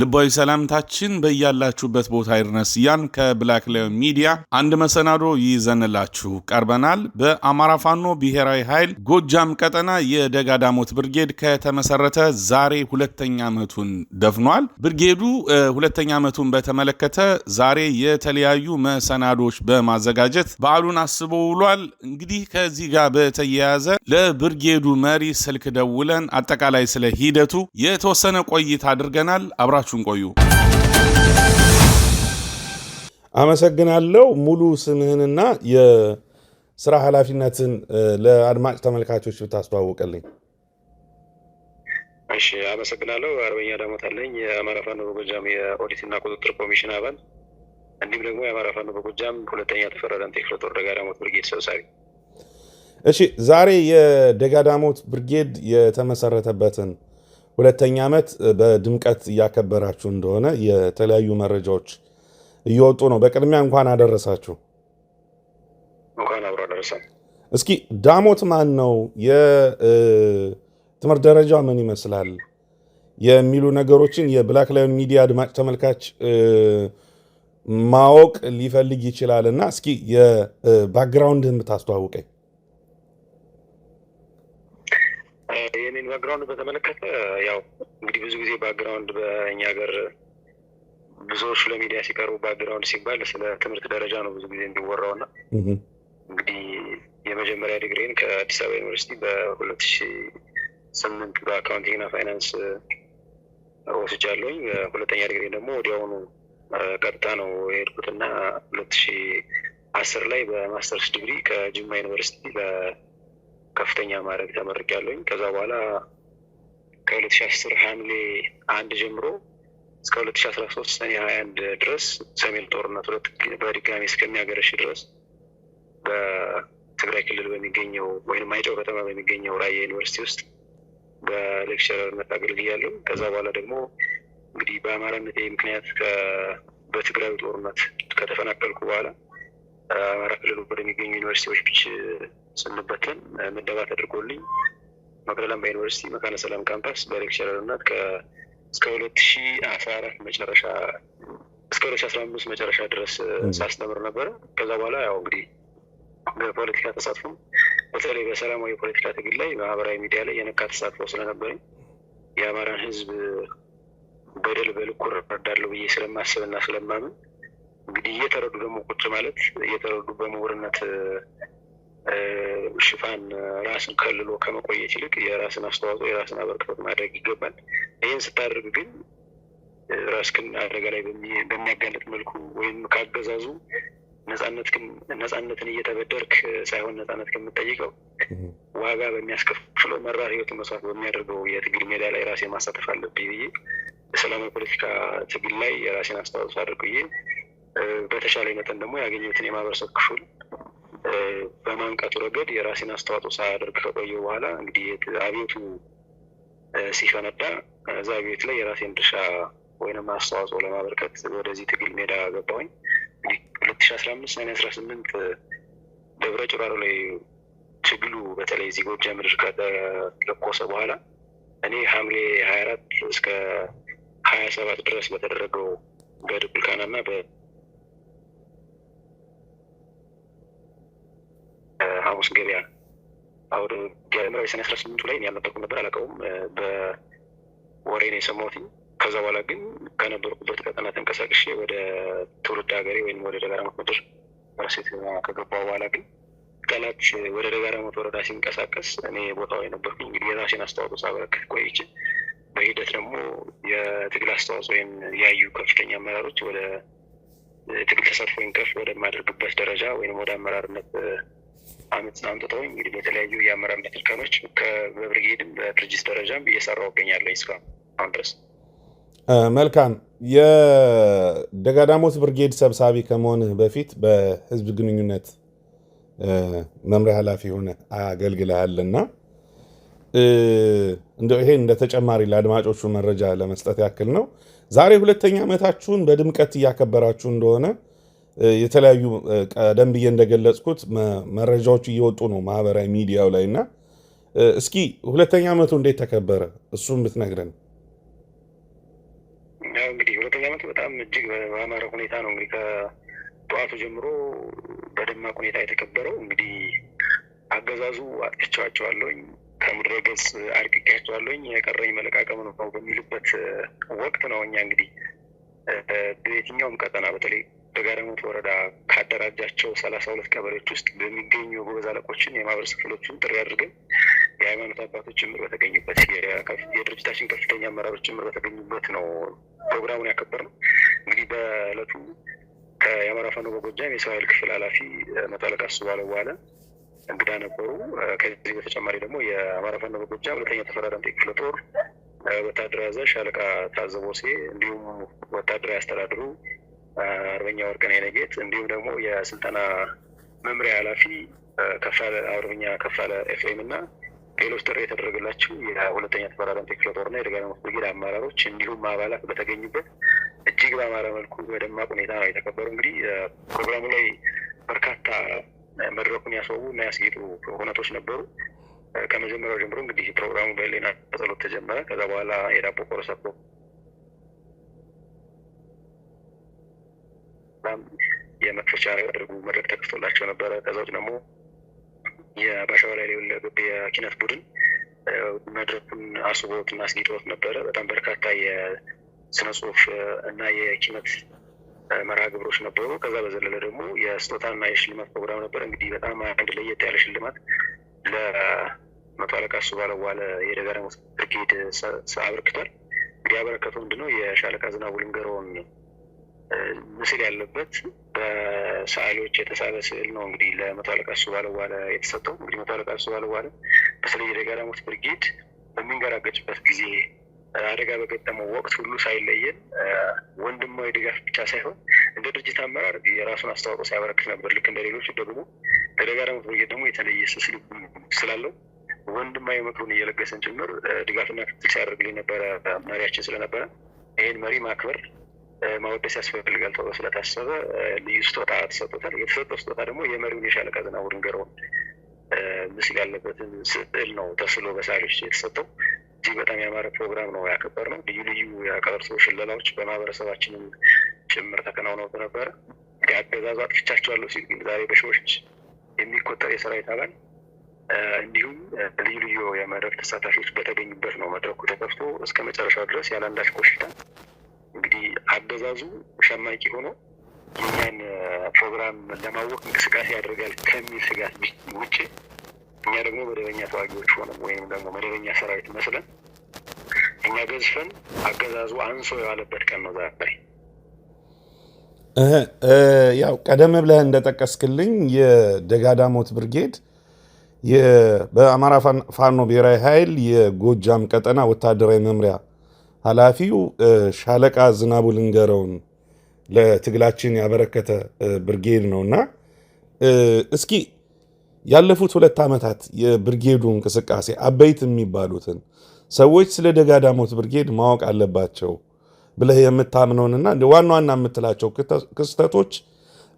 ልባዊ ሰላምታችን በያላችሁበት ቦታ ይድረስ። ያን ከብላክ ላዮን ሚዲያ አንድ መሰናዶ ይዘንላችሁ ቀርበናል። በአማራ ፋኖ ብሔራዊ ኃይል ጎጃም ቀጠና የደጋ ዳሞት ብርጌድ ከተመሰረተ ዛሬ ሁለተኛ ዓመቱን ደፍኗል። ብርጌዱ ሁለተኛ ዓመቱን በተመለከተ ዛሬ የተለያዩ መሰናዶች በማዘጋጀት በዓሉን አስቦ ውሏል። እንግዲህ ከዚህ ጋር በተያያዘ ለብርጌዱ መሪ ስልክ ደውለን አጠቃላይ ስለ ሂደቱ የተወሰነ ቆይታ አድርገናል። አብራችሁ አብራችሁን ቆዩ። አመሰግናለሁ። ሙሉ ስምህንና የስራ ኃላፊነትን ለአድማጭ ተመልካቾች ብታስተዋውቅልኝ። እሺ፣ አመሰግናለሁ። አርበኛ ዳሞታለኝ የአማራ ፋኖ በጎጃም የኦዲትና ቁጥጥር ኮሚሽን አባል እንዲሁም ደግሞ የአማራ ፋኖ በጎጃም ሁለተኛ ተፈራ ዳምጤ ክፍለ ጦር ብርጌድ ሰብሳቢ። እሺ፣ ዛሬ የደጋዳሞት ብርጌድ የተመሰረተበትን ሁለተኛ ዓመት በድምቀት እያከበራችሁ እንደሆነ የተለያዩ መረጃዎች እየወጡ ነው። በቅድሚያ እንኳን አደረሳችሁ። እስኪ ዳሞት ማን ነው፣ የትምህርት ደረጃ ምን ይመስላል የሚሉ ነገሮችን የብላክ ላዮን ሚዲያ አድማጭ ተመልካች ማወቅ ሊፈልግ ይችላል እና እስኪ የባክግራውንድህን ብታስተዋውቀኝ። የኔን ባክግራውንድ በተመለከተ ያው እንግዲህ ብዙ ጊዜ ባክግራውንድ በእኛ ሀገር ብዙዎች ለሚዲያ ሲቀርቡ ባክግራውንድ ሲባል ስለ ትምህርት ደረጃ ነው ብዙ ጊዜ እንዲወራው ና እንግዲህ የመጀመሪያ ዲግሪን ከአዲስ አበባ ዩኒቨርሲቲ በሁለት ሺ ስምንት ና ፋይናንስ uh, ወስጃለሁኝ። ሁለተኛ ዲግሪን ደግሞ ወዲያውኑ uh, ቀጥታ ነው የሄድኩትና ሁለት ሺ አስር ላይ በማስተርስ ዲግሪ ከጅማ ዩኒቨርሲቲ ከፍተኛ ማድረግ ተመርቅ ያለኝ ከዛ በኋላ ከሁለት ሺህ አስር ሐምሌ አንድ ጀምሮ እስከ ሁለት አስራ ሶስት ሰኔ ሀያ አንድ ድረስ ሰሜን ጦርነት ሁለት በድጋሚ እስከሚያገረሽ ድረስ በትግራይ ክልል በሚገኘው ወይም አይጨው ከተማ በሚገኘው ራያ ዩኒቨርሲቲ ውስጥ በሌክቸረርነት አገልግያለሁ። ከዛ በኋላ ደግሞ እንግዲህ በአማራነት ምክንያት በትግራዊ ጦርነት ከተፈናቀልኩ በኋላ አማራ ክልል ወደሚገኙ ዩኒቨርሲቲዎች ስንበትን ምደባ ተደርጎልኝ መቅደላም በዩኒቨርሲቲ መካነ ሰላም ካምፓስ በሌክቸረርነት እስከ ሁለት ሺ አስራ አራት መጨረሻ እስከ ሁለት ሺ አስራ አምስት መጨረሻ ድረስ ሳስተምር ነበረ። ከዛ በኋላ ያው እንግዲህ በፖለቲካ ተሳትፎ በተለይ በሰላማዊ የፖለቲካ ትግል ላይ ማህበራዊ ሚዲያ ላይ የነካ ተሳትፎ ስለነበረኝ የአማራን ሕዝብ በደል በልኩ እረዳለሁ ብዬ ስለማስብና ስለማምን እንግዲህ እየተረዱ ደግሞ ቁጭ ማለት እየተረዱ በምሁርነት ሽፋን ራስን ከልሎ ከመቆየት ይልቅ የራስን አስተዋጽኦ የራስን አበርክቶት ማድረግ ይገባል። ይህን ስታደርግ ግን ራስክን አደጋ ላይ በሚያጋለጥ መልኩ ወይም ካገዛዙ ነጻነትን እየተበደርክ ሳይሆን ነጻነት ከምጠይቀው ዋጋ በሚያስከፍለው መራር ህይወት መስዋዕት በሚያደርገው የትግል ሜዳ ላይ ራሴ ማሳተፍ አለብኝ ብዬ ሰላማዊ ፖለቲካ ትግል ላይ የራሴን አስተዋጽኦ አድርግ ብዬ በተሻለ መጠን ደግሞ ያገኘትን የማህበረሰብ ክፍል በማንቃቱ ረገድ የራሴን አስተዋጽኦ ሳያደርግ ከቆየ በኋላ እንግዲህ አቤቱ ሲፈነዳ እዛ አብዮት ላይ የራሴን ድርሻ ወይንም አስተዋጽኦ ለማበርከት ወደዚህ ትግል ሜዳ ገባሁኝ። ሁለት ሺ አስራ አምስት ሰኔ አስራ ስምንት ደብረ ጭራሮ ላይ ትግሉ በተለይ እዚህ ጎጃ ምድር ከተለኮሰ በኋላ እኔ ሐምሌ ሀያ አራት እስከ ሀያ ሰባት ድረስ በተደረገው በድኩልካና እና ሐሙስ ገበያ አሁን ጀምረ የሰኔ አስራ ስምንቱ ላይ ያልነበርኩም ነበር አላውቀውም። በወሬ ነው የሰማሁት። ከዛ በኋላ ግን ከነበርኩበት ቀጠና ተንቀሳቅሼ ወደ ትውልድ ሀገሬ ወይም ወደ ደጋዳሞት ምድር መረሴት ከገባ በኋላ ግን ጠላት ወደ ደጋዳሞት ወረዳ ሲንቀሳቀስ እኔ ቦታው የነበርኩኝ እንግዲህ የራሴን አስተዋጽኦ ሳበረክት ቆይቼ በሂደት ደግሞ የትግል አስተዋጽኦ ወይም ያዩ ከፍተኛ አመራሮች ወደ ትግል ተሳትፎ ከፍ ወደማደርግበት ደረጃ ወይም ወደ አመራርነት አመት አንጥጠው እንግዲህ በተለያዩ የአመራር ትርካኖች በብርጌድም በድርጅት ደረጃም እየሰራው እገኛለሁ እስካሁን ድረስ። መልካም የደጋዳሞት ብርጌድ ሰብሳቢ ከመሆንህ በፊት በህዝብ ግንኙነት መምሪያ ኃላፊ የሆነ አገልግልሃል እና ይሄ እንደ ተጨማሪ ለአድማጮቹ መረጃ ለመስጠት ያክል ነው። ዛሬ ሁለተኛ ዓመታችሁን በድምቀት እያከበራችሁ እንደሆነ የተለያዩ ቀደም ብዬ እንደገለጽኩት መረጃዎቹ እየወጡ ነው ማህበራዊ ሚዲያው ላይ እና እስኪ ሁለተኛ ዓመቱ እንዴት ተከበረ? እሱም ብትነግረን። እንግዲህ ሁለተኛ ዓመቱ በጣም እጅግ በአማረ ሁኔታ ነው እንግዲህ ከጠዋቱ ጀምሮ በደማቅ ሁኔታ የተከበረው። እንግዲህ አገዛዙ አጥቅቻቸዋለሁኝ ከምድረ ገጽ አድቅቄያቸዋለሁኝ የቀረኝ መለቃቀም ነው በሚሉበት ወቅት ነው እኛ እንግዲህ በየትኛውም ቀጠና በተለይ በጋሪሞት ወረዳ ካደራጃቸው ሰላሳ ሁለት ቀበሌዎች ውስጥ በሚገኙ የጎበዝ አለቆችን የማህበረሰብ ክፍሎችን ጥሪ አድርገን የሃይማኖት አባቶች ጭምር በተገኙበት የድርጅታችን ከፍተኛ አመራሮች ጭምር በተገኙበት ነው ፕሮግራሙን ያከበርነው። እንግዲህ በእለቱ የአማራ ፋኖ በጎጃም የሰው ኃይል ክፍል ኃላፊ መቶ አለቃ እሱ ባለው በኋላ እንግዳ ነበሩ። ከዚህ በተጨማሪ ደግሞ የአማራ ፋኖ በጎጃም ሁለተኛ ተፈራዳምጤ ክፍለ ጦር ወታደራዊ አዛዥ ሻለቃ ታዘቦሴ እንዲሁም ወታደራዊ አስተዳድሩ አርበኛ ወርቅን የነጌት እንዲሁም ደግሞ የስልጠና መምሪያ ኃላፊ ከፍላለ አርበኛ ከፋለ ኤፍኤም እና ሌሎች ጥሪ የተደረገላቸው የሁለተኛ ተፈራራንቴ ክፍለ ጦርና የደጋ ብርጌድ አመራሮች እንዲሁም አባላት በተገኙበት እጅግ በአማረ መልኩ በደማቅ ሁኔታ ነው የተከበሩ። እንግዲህ ፕሮግራሙ ላይ በርካታ መድረኩን ያስዋቡ እና ያስጌጡ ሁነቶች ነበሩ። ከመጀመሪያው ጀምሮ እንግዲህ ፕሮግራሙ በሌና ጸሎት ተጀመረ። ከዛ በኋላ የዳቦ ቆረሰ በጣም የመክፈቻ ያደርጉ መድረክ ተከፍቶላቸው ነበረ። ከዛ ውጭ ደግሞ የባሻው ላይ የሁለገብ የኪነት ቡድን መድረኩን አስቦት እና አስጊጦት ነበረ። በጣም በርካታ የስነ ጽሁፍ እና የኪነት መርሃ ግብሮች ነበሩ። ከዛ በዘለለ ደግሞ የስጦታ እና የሽልማት ፕሮግራም ነበረ። እንግዲህ በጣም አንድ ለየት ያለ ሽልማት ለመቶ አለቃ እሱ ባለዋለ የደጋዳሞት ብርጌድ አበርክቷል። እንግዲህ ያበረከተው ምንድነው የሻለቃ ዝናቡ ልንገረውን ምስል ያለበት በሰዓሊዎች የተሳለ ስዕል ነው። እንግዲህ ለመቶ አለቃ እሱ ባለዋለ የተሰጠው እንግዲህ መቶ አለቃ እሱ ባለዋለ በተለይ የደጋዳሞት ብርጌድ በሚንገራገጭበት ጊዜ አደጋ በገጠመው ወቅት ሁሉ ሳይለየን ወንድማዊ ድጋፍ ብቻ ሳይሆን እንደ ድርጅት አመራር የራሱን አስተዋጽኦ ሲያበረክት ነበር። ልክ እንደ ሌሎች ደግሞ ለደጋዳሞት ብርጌድ ደግሞ የተለየ ስስል ስላለው ወንድማዊ ምክሩን እየለገሰን ጭምር ድጋፍና ክትትል ሲያደርግልኝ ነበረ መሪያችን ስለነበረ ይህን መሪ ማክበር ማወደስ ያስፈልጋል ተብሎ ስለታሰበ ልዩ ስጦታ ተሰጥቶታል። የተሰጠው ስጦታ ደግሞ የመሪውን የሻለቃ ዝናቡ ድንገረውን ምስል ያለበትን ስዕል ነው ተስሎ በሳሪዎች የተሰጠው። እዚህ በጣም ያማረ ፕሮግራም ነው ያከበር ነው። ልዩ ልዩ የቀብር ሰው ሽለላዎች በማህበረሰባችንም ጭምር ተከናውነው ነበረ። የአገዛዙ አጥፍቻቸዋለሁ ሲል ግን ዛሬ በሺዎች የሚቆጠር የሰራዊት አባል እንዲሁም ልዩ ልዩ የመድረክ ተሳታፊዎች በተገኙበት ነው መድረኩ ተከፍቶ እስከ መጨረሻው ድረስ ያለ አንዳች ኮሽታ እንግዲህ አገዛዙ ሸማቂ ሆኖ የእኛን ፕሮግራም ለማወቅ እንቅስቃሴ ያደርጋል ከሚል ስጋት ውጭ እኛ ደግሞ መደበኛ ተዋጊዎች ሆነን ወይም ደግሞ መደበኛ ሰራዊት መስለን እኛ ገዝፈን አገዛዙ አንሶ የዋለበት ቀን ነው ዛሬ። ያው ቀደም ብለህ እንደጠቀስክልኝ የደጋዳሞት ብርጌድ በአማራ ፋኖ ብሔራዊ ኃይል የጎጃም ቀጠና ወታደራዊ መምሪያ ኃላፊው ሻለቃ ዝናቡ ልንገረውን ለትግላችን ያበረከተ ብርጌድ ነውና እስኪ ያለፉት ሁለት ዓመታት የብርጌዱ እንቅስቃሴ አበይት የሚባሉትን ሰዎች ስለ ደጋዳሞት ብርጌድ ማወቅ አለባቸው ብለህ የምታምነውንና ዋና ዋና የምትላቸው ክስተቶች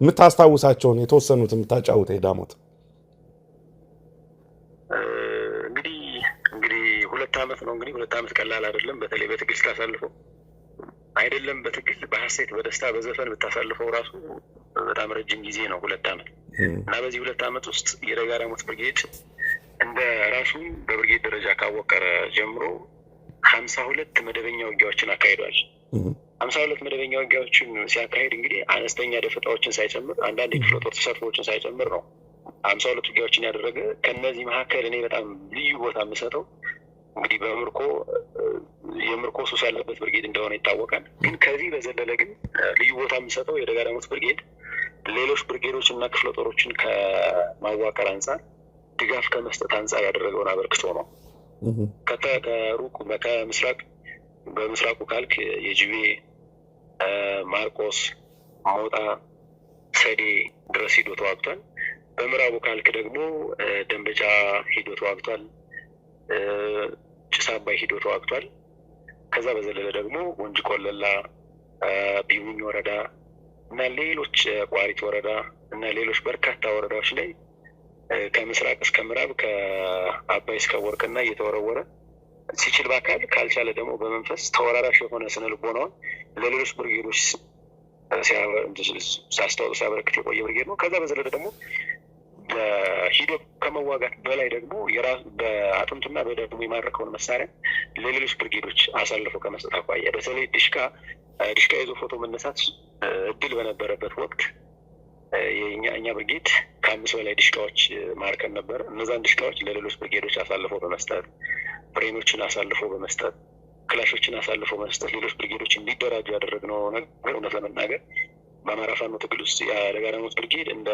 የምታስታውሳቸውን የተወሰኑት የምታጫውት ዳሞት ሁለት ዓመት ነው እንግዲህ ሁለት ዓመት ቀላል አይደለም። በተለይ በትግል አሳልፈው አይደለም በትግል በሀሴት በደስታ በዘፈን ብታሳልፈው ራሱ በጣም ረጅም ጊዜ ነው ሁለት ዓመት እና በዚህ ሁለት ዓመት ውስጥ የደጋዳ ሞት ብርጌድ እንደ ራሱ በብርጌድ ደረጃ ካወቀረ ጀምሮ ሀምሳ ሁለት መደበኛ ውጊያዎችን አካሂዷል። ሀምሳ ሁለት መደበኛ ውጊያዎችን ሲያካሄድ እንግዲህ አነስተኛ ደፈጣዎችን ሳይጨምር አንዳንድ የክፍለ ጦር ሳይጨምር ነው ሀምሳ ሁለት ውጊያዎችን ያደረገ። ከእነዚህ መካከል እኔ በጣም ልዩ ቦታ የምሰጠው እንግዲህ በምርኮ የምርኮ ሱስ ያለበት ብርጌድ እንደሆነ ይታወቃል። ግን ከዚህ በዘለለ ግን ልዩ ቦታ የሚሰጠው የደጋ ዳሞት ብርጌድ ሌሎች ብርጌዶች እና ክፍለ ጦሮችን ከማዋቀር አንጻር ድጋፍ ከመስጠት አንጻር ያደረገውን አበርክቶ ነው። ከሩቅ ከምስራቅ በምስራቁ ካልክ የጅቤ ማርቆስ፣ ሞጣ፣ ሰዴ ድረስ ሂዶ ተዋግቷል። በምዕራቡ ካልክ ደግሞ ደንበጫ ሂዶ ተዋግቷል። ጭስ አባይ ሂዶ ተዋግቷል። ከዛ በዘለለ ደግሞ ወንጅ ቆለላ፣ ቢቡኝ ወረዳ እና ሌሎች ቋሪት ወረዳ እና ሌሎች በርካታ ወረዳዎች ላይ ከምስራቅ እስከ ምዕራብ ከአባይ እስከ ወርቅና እየተወረወረ ሲችል በአካል ካልቻለ ደግሞ በመንፈስ ተወራራሽ የሆነ ስነ ልቦናውን ለሌሎች ብርጌዶች አስተዋጽኦ ሲያበረክት የቆየ ብርጌድ ነው። ከዛ በዘለለ ደግሞ ከመዋጋት በላይ ደግሞ በአጥንቱና በደሙ የማረከውን መሳሪያ ለሌሎች ብርጌዶች አሳልፎ ከመስጠት አኳያ በተለይ ድሽቃ ድሽቃ ይዞ ፎቶ መነሳት እድል በነበረበት ወቅት እኛ ብርጌድ ከአምስት በላይ ድሽቃዎች ማርከን ነበር። እነዛን ድሽቃዎች ለሌሎች ብርጌዶች አሳልፎ በመስጠት ብሬኖችን አሳልፎ በመስጠት ክላሾችን አሳልፎ በመስጠት ሌሎች ብርጌዶች እንዲደራጁ ያደረግነው ነገር እውነት ለመናገር በአማራ ፋኖ ትግል ውስጥ የአደጋ ዳሞት ብርጌድ እንደ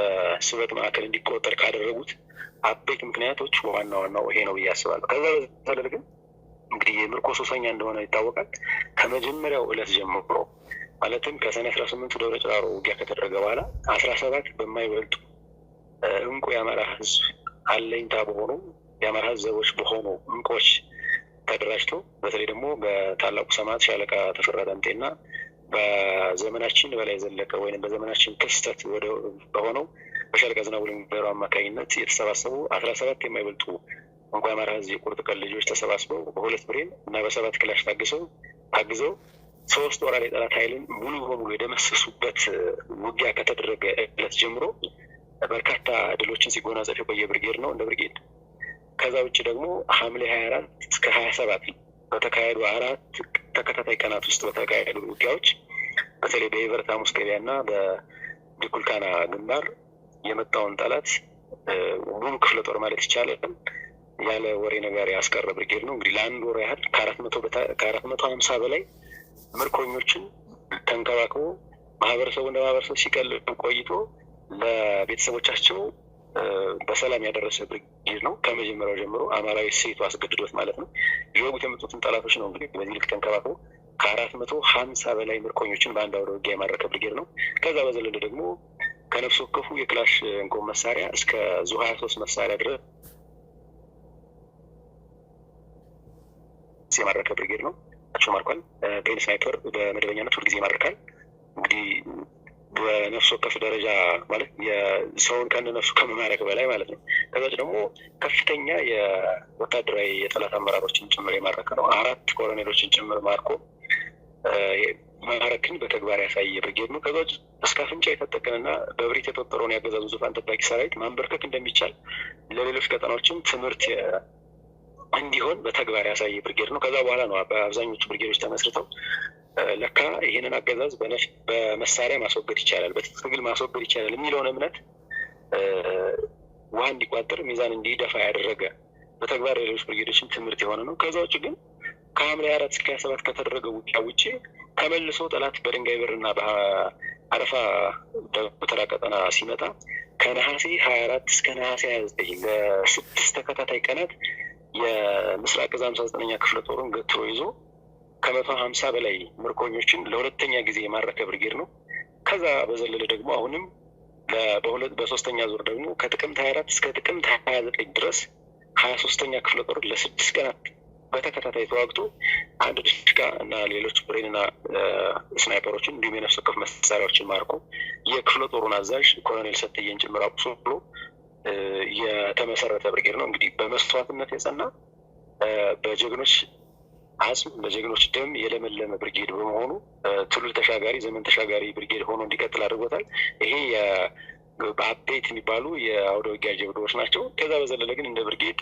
ስበት ማዕከል እንዲቆጠር ካደረጉት አበይት ምክንያቶች ዋና ዋናው ይሄ ነው ብዬ አስባለሁ። ከዛ በተለል ግን እንግዲህ የምርኮ ሶሰኛ እንደሆነ ይታወቃል። ከመጀመሪያው እለት ጀምሮ ማለትም ከሰኔ አስራ ስምንቱ ደብረ ጭራሮ ውጊያ ከተደረገ በኋላ አስራ ሰባት በማይበልጡ እንቁ የአማራ ህዝብ አለኝታ በሆኑ የአማራ ህዝብ ዘቦች በሆኑ እንቆች ተደራጅቶ በተለይ ደግሞ በታላቁ ሰማዕት ሻለቃ ተፈራ ዳምጤና በዘመናችን በላይ ዘለቀ ወይም በዘመናችን ክስተት በሆነው በሻለቃ ዝናቡ ድንበሩ አማካኝነት የተሰባሰቡ አስራ ሰባት የማይበልጡ እንኳ አማራ ህዝብ የቁርጥ ቀን ልጆች ተሰባስበው በሁለት ብሬን እና በሰባት ክላሽ ታግሰው ታግዘው ሶስት ወራል የጠላት ኃይልን ሙሉ በሙሉ የደመሰሱበት ውጊያ ከተደረገ እለት ጀምሮ በርካታ ድሎችን ሲጎናጸፍ የቆየ ብርጌድ ነው እንደ ብርጌድ። ከዛ ውጭ ደግሞ ሐምሌ ሀያ አራት እስከ ሀያ ሰባት በተካሄዱ አራት ተከታታይ ቀናት ውስጥ በተካሄዱ ውጊያዎች በተለይ በኤቨርታ ሙስቀቢያ ገበያና በድኩልካና ግንባር የመጣውን ጠላት ሙሉ ክፍለ ጦር ማለት ይቻላል ያለ ወሬ ነገር ያስቀረ ብርጌድ ነው። እንግዲህ ለአንድ ወር ያህል ከአራት መቶ ሀምሳ በላይ ምርኮኞችን ተንከባክቦ ማህበረሰቡ እንደ ማህበረሰብ ሲቀልብ ቆይቶ ለቤተሰቦቻቸው በሰላም ያደረሰ ብርጌድ ነው። ከመጀመሪያው ጀምሮ አማራዊ ሴቱ አስገድዶት ማለት ነው ሊወጉት የመጡትን ጠላቶች ነው እንግዲህ በዚህ ልክ ተንከባክቦ ከአራት መቶ ሀምሳ በላይ ምርኮኞችን በአንድ አውደ ውጊያ የማረከ ብርጌድ ነው። ከዛ በዘለለ ደግሞ ከነፍስ ወከፉ የክላሽ እንኮን መሳሪያ እስከ ዙ ሀያ ሶስት መሳሪያ ድረስ የማረከ ብርጌድ ነው። ቸው ማርኳል። በኤን ስናይፐር በመደበኛነት ሁልጊዜ ይማርካል እንግዲህ በነፍስ ወከፍ ደረጃ ማለት የሰውን ከነ ነፍሱ ከመማረክ በላይ ማለት ነው። ከዛች ደግሞ ከፍተኛ የወታደራዊ የጠላት አመራሮችን ጭምር የማረከ ነው። አራት ኮሎኔሎችን ጭምር ማርኮ ማረክን በተግባር ያሳየ ብርጌድ ነው። ከዛች እስከ አፍንጫ የታጠቀንና በብሪት የተወጠረውን ያገዛዙ ዙፋን ጠባቂ ሰራዊት ማንበርከክ እንደሚቻል ለሌሎች ቀጠናዎችም ትምህርት እንዲሆን በተግባር ያሳየ ብርጌድ ነው። ከዛ በኋላ ነው በአብዛኞቹ ብርጌዶች ተመስርተው ለካ ይህንን አገዛዝ በመሳሪያ ማስወገድ ይቻላል፣ በትግል ማስወገድ ይቻላል የሚለውን እምነት ውሃ እንዲቋጥር ሚዛን እንዲደፋ ያደረገ በተግባር ሌሎች ብርጌዶችን ትምህርት የሆነ ነው። ከዛ ውጭ ግን ከሐምሌ አራት እስከ ሀያ ሰባት ከተደረገው ውጊያ ውጭ ተመልሶ ጠላት በድንጋይ ብርና በአረፋ ተራ ቀጠና ሲመጣ ከነሐሴ ሀያ አራት እስከ ነሐሴ ሀያ ዘጠኝ ለስድስት ተከታታይ ቀናት የምስራቅ እዝ ዘጠነኛ ክፍለ ጦሩን ገትሮ ይዞ ከመቶ ሀምሳ በላይ ምርኮኞችን ለሁለተኛ ጊዜ የማረከ ብርጌድ ነው። ከዛ በዘለለ ደግሞ አሁንም በሶስተኛ ዙር ደግሞ ከጥቅምት ሀያ አራት እስከ ጥቅምት ሀያ ዘጠኝ ድረስ ሀያ ሶስተኛ ክፍለ ጦር ለስድስት ቀናት በተከታታይ ተዋግቶ አንድ ድሽቃ እና ሌሎች ብሬንና ስናይፐሮችን እንዲሁም የነፍስ ወከፍ መሳሪያዎችን ማርኮ የክፍለ ጦሩን አዛዥ ኮሎኔል ሰትየን ጭምር ብሎ የተመሰረተ ብርጌድ ነው። እንግዲህ በመስዋዕትነት የጸና በጀግኖች አስም በጀግኖች ደም የለመለመ ብርጌድ በመሆኑ ትውልድ ተሻጋሪ ዘመን ተሻጋሪ ብርጌድ ሆኖ እንዲቀጥል አድርጎታል። ይሄ በአበይት የሚባሉ የአውደ ውጊያ ጀብዶዎች ናቸው። ከዛ በዘለለ ግን እንደ ብርጌድ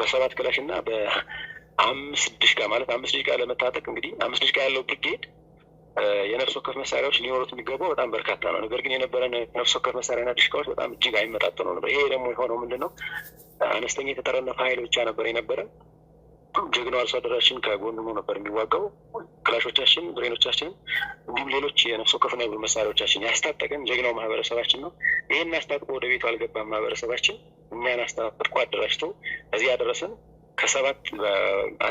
በሰባት ክላሽ እና በአምስት ድሽቃ ማለት አምስት ድሽቃ ለመታጠቅ እንግዲህ አምስት ድሽቃ ያለው ብርጌድ የነፍስ ወከፍ መሳሪያዎች ሊኖሩት የሚገባው በጣም በርካታ ነው። ነገር ግን የነበረን ነፍስ ወከፍ መሳሪያና ድሽቃዎች በጣም እጅግ አይመጣጠኑ ነበር። ይሄ ደግሞ የሆነው ምንድን ነው? አነስተኛ የተጠረነፈ ኃይል ብቻ ነበር የነበረ ጀግናው አርሶ አደራችን ከጎን ሆኖ ነበር የሚዋጋው። ክላሾቻችን፣ ብሬኖቻችን እንዲሁም ሌሎች የነፍስ ወከፍና የቡድን መሳሪያዎቻችን ያስታጠቀን ጀግናው ማህበረሰባችን ነው። ይህን አስታጥቆ ወደ ቤቱ አልገባም ማህበረሰባችን እኛን አስታጥቆ አደራጅቶ እዚህ ያደረሰን ከሰባት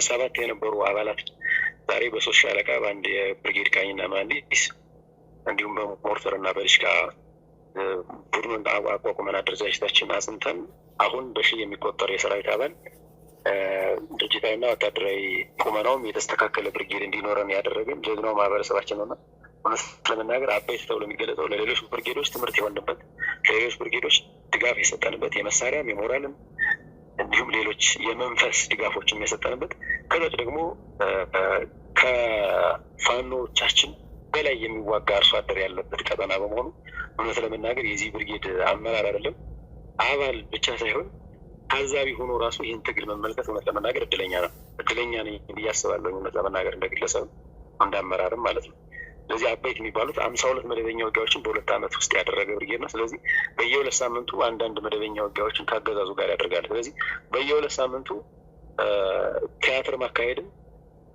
ሰባት የነበሩ አባላት ዛሬ በሶስት ሻለቃ በአንድ የብርጌድ ቃኝና መሀንዲስ እንዲሁም በሞርተር እና በልሽቃ ቡድኑን አቋቁመን አደረጃጀታችን አጽንተን አሁን በሺ የሚቆጠር የሰራዊት አባል ድርጅታዊና ወታደራዊ ቁመናውም የተስተካከለ ብርጌድ እንዲኖረን ያደረገን ጀግናው ማህበረሰባችን ነውና እውነት ለመናገር አበይት ተብሎ የሚገለጠው ለሌሎች ብርጌዶች ትምህርት የሆንበት ለሌሎች ብርጌዶች ድጋፍ የሰጠንበት የመሳሪያም የሞራልም እንዲሁም ሌሎች የመንፈስ ድጋፎችም የሰጠንበት ከዛች ደግሞ ከፋኖቻችን በላይ የሚዋጋ አርሶ አደር ያለበት ቀጠና በመሆኑ እውነት ለመናገር የዚህ ብርጌድ አመራር አይደለም አባል ብቻ ሳይሆን ታዛቢ ሆኖ ራሱ ይህን ትግል መመልከት እውነት ለመናገር እድለኛ ነው እድለኛ ነኝ ብዬ እውነት ለመናገር እንደ ግለሰብ እንደ አመራርም ማለት ነው። ስለዚህ አበይት የሚባሉት አምሳ ሁለት መደበኛ ውጊያዎችን በሁለት ዓመት ውስጥ ያደረገ ብርጌድ ነው። ስለዚህ በየሁለት ሳምንቱ አንዳንድ መደበኛ ውጊያዎችን ከአገዛዙ ጋር ያደርጋል። ስለዚህ በየሁለት ሳምንቱ ቲያትር ማካሄድም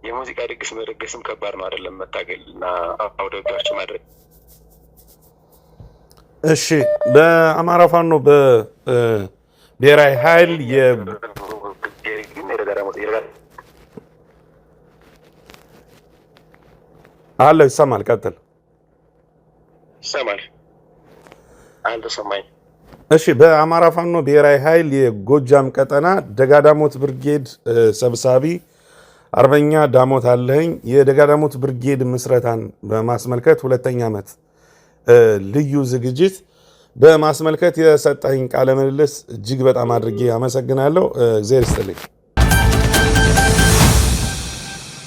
የሙዚቃ ድግስ መደገስም ከባድ ነው አይደለም፣ መታገል እና አውደ ውጊያዎች ማድረግ። እሺ በአማራ ፋኖ በ ብሔራዊ ኃይል አለ ይሰማል። ቀጥል ይሰማል። እሺ በአማራ ፋኖ ብሔራዊ ኃይል የጎጃም ቀጠና ደጋዳሞት ብርጌድ ሰብሳቢ አርበኛ ዳሞት አለኝ የደጋዳሞት ብርጌድ ምስረታን በማስመልከት ሁለተኛ ዓመት ልዩ ዝግጅት በማስመልከት የሰጠኝ ቃለ ምልልስ እጅግ በጣም አድርጌ አመሰግናለሁ። እግዜር ይስጥልኝ።